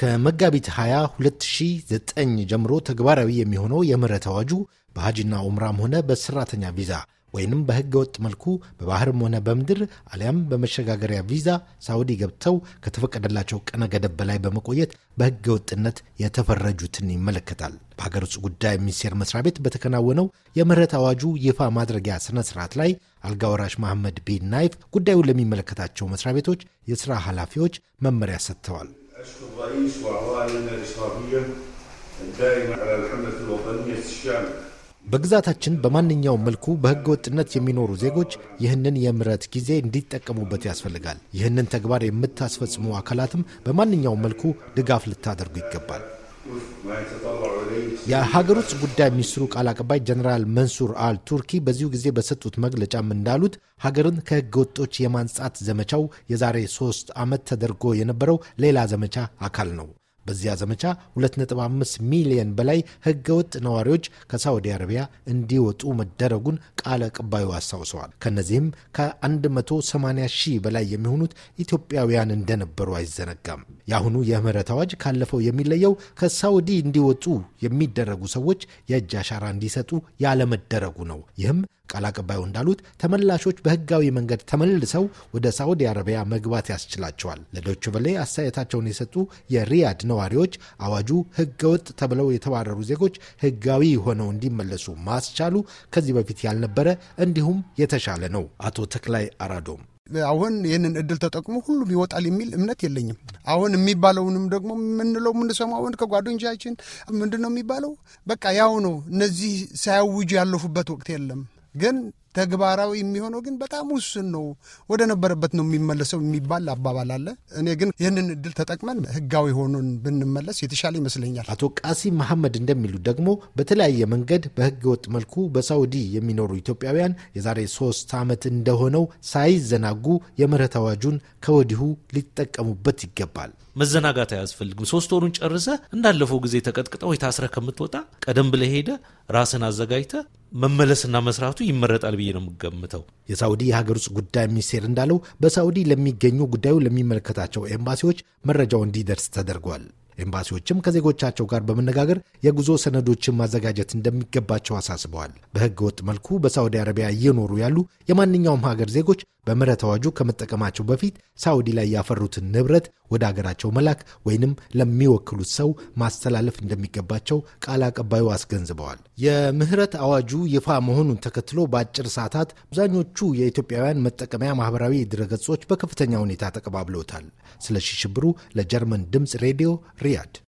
ከመጋቢት 20 2009 ጀምሮ ተግባራዊ የሚሆነው የምህረት አዋጁ በሀጅና ኡምራም ሆነ በሰራተኛ ቪዛ ወይንም በህገ ወጥ መልኩ በባህርም ሆነ በምድር አሊያም በመሸጋገሪያ ቪዛ ሳውዲ ገብተው ከተፈቀደላቸው ቀነ ገደብ በላይ በመቆየት በህገ ወጥነት የተፈረጁትን ይመለከታል። በሀገር ውስጥ ጉዳይ ሚኒስቴር መስሪያ ቤት በተከናወነው የምህረት አዋጁ ይፋ ማድረጊያ ስነ ስርዓት ላይ አልጋ ወራሽ መሐመድ ቢን ናይፍ ጉዳዩን ለሚመለከታቸው መስሪያ ቤቶች የሥራ ኃላፊዎች መመሪያ ሰጥተዋል። أشكر الرئيس الدائمة على الحملة الوطنية በግዛታችን በማንኛውም መልኩ በህገ ወጥነት የሚኖሩ ዜጎች ይህንን የምረት ጊዜ እንዲጠቀሙበት ያስፈልጋል። ይህንን ተግባር የምታስፈጽሙ አካላትም በማንኛውም መልኩ ድጋፍ ልታደርጉ ይገባል። የሀገር ውስጥ ጉዳይ ሚኒስትሩ ቃል አቀባይ ጀኔራል መንሱር አል ቱርኪ በዚሁ ጊዜ በሰጡት መግለጫም እንዳሉት ሀገርን ከህገ ወጦች የማንጻት ዘመቻው የዛሬ ሶስት ዓመት ተደርጎ የነበረው ሌላ ዘመቻ አካል ነው። በዚያ ዘመቻ 2.5 ሚሊዮን በላይ ህገወጥ ነዋሪዎች ከሳዑዲ አረቢያ እንዲወጡ መደረጉን ቃል አቀባዩ አስታውሰዋል። ከእነዚህም ከ180 ሺህ በላይ የሚሆኑት ኢትዮጵያውያን እንደነበሩ አይዘነጋም። የአሁኑ የምህረት አዋጅ ካለፈው የሚለየው ከሳውዲ እንዲወጡ የሚደረጉ ሰዎች የእጅ አሻራ እንዲሰጡ ያለመደረጉ ነው። ይህም ቃል አቀባዩ እንዳሉት ተመላሾች በህጋዊ መንገድ ተመልሰው ወደ ሳዑዲ አረቢያ መግባት ያስችላቸዋል። ለዶች በላይ አስተያየታቸውን የሰጡ የሪያድ ነዋሪዎች አዋጁ ህገወጥ ተብለው የተባረሩ ዜጎች ህጋዊ ሆነው እንዲመለሱ ማስቻሉ ከዚህ በፊት ያልነበረ እንዲሁም የተሻለ ነው። አቶ ተክላይ አራዶም አሁን ይህንን እድል ተጠቅሞ ሁሉም ይወጣል የሚል እምነት የለኝም። አሁን የሚባለውንም ደግሞ የምንለው የምንሰማውን ከጓደኞቻችን ምንድን ነው የሚባለው፣ በቃ ያው ነው። እነዚህ ሳያውጁ ያለፉበት ወቅት የለም ግን ተግባራዊ የሚሆነው ግን በጣም ውስን ነው፣ ወደ ነበረበት ነው የሚመለሰው የሚባል አባባል አለ። እኔ ግን ይህንን እድል ተጠቅመን ህጋዊ ሆኖን ብንመለስ የተሻለ ይመስለኛል። አቶ ቃሲ መሐመድ እንደሚሉት ደግሞ በተለያየ መንገድ በህገ ወጥ መልኩ በሳውዲ የሚኖሩ ኢትዮጵያውያን የዛሬ ሶስት ዓመት እንደሆነው ሳይዘናጉ የምህረት አዋጁን ከወዲሁ ሊጠቀሙበት ይገባል። መዘናጋት አያስፈልግም። ሶስት ወሩን ጨርሰ እንዳለፈው ጊዜ ወይ ታስረ ከምትወጣ ቀደም ብለህ ሄደ ራስን አዘጋጅተ መመለስና መስራቱ ይመረጣል ብዬ ነው የምገምተው። የሳዑዲ የሀገር ውስጥ ጉዳይ ሚኒስቴር እንዳለው በሳዑዲ ለሚገኙ ጉዳዩ ለሚመለከታቸው ኤምባሲዎች መረጃው እንዲደርስ ተደርጓል። ኤምባሲዎችም ከዜጎቻቸው ጋር በመነጋገር የጉዞ ሰነዶችን ማዘጋጀት እንደሚገባቸው አሳስበዋል። በሕገ ወጥ መልኩ በሳዑዲ አረቢያ እየኖሩ ያሉ የማንኛውም ሀገር ዜጎች በምህረት አዋጁ ከመጠቀማቸው በፊት ሳዑዲ ላይ ያፈሩትን ንብረት ወደ አገራቸው መላክ ወይንም ለሚወክሉት ሰው ማስተላለፍ እንደሚገባቸው ቃል አቀባዩ አስገንዝበዋል። የምህረት አዋጁ ይፋ መሆኑን ተከትሎ በአጭር ሰዓታት አብዛኞቹ የኢትዮጵያውያን መጠቀሚያ ማህበራዊ ድረገጾች በከፍተኛ ሁኔታ ተቀባብለውታል። ስለሺ ሽብሩ ለጀርመን ድምፅ ሬዲዮ Wert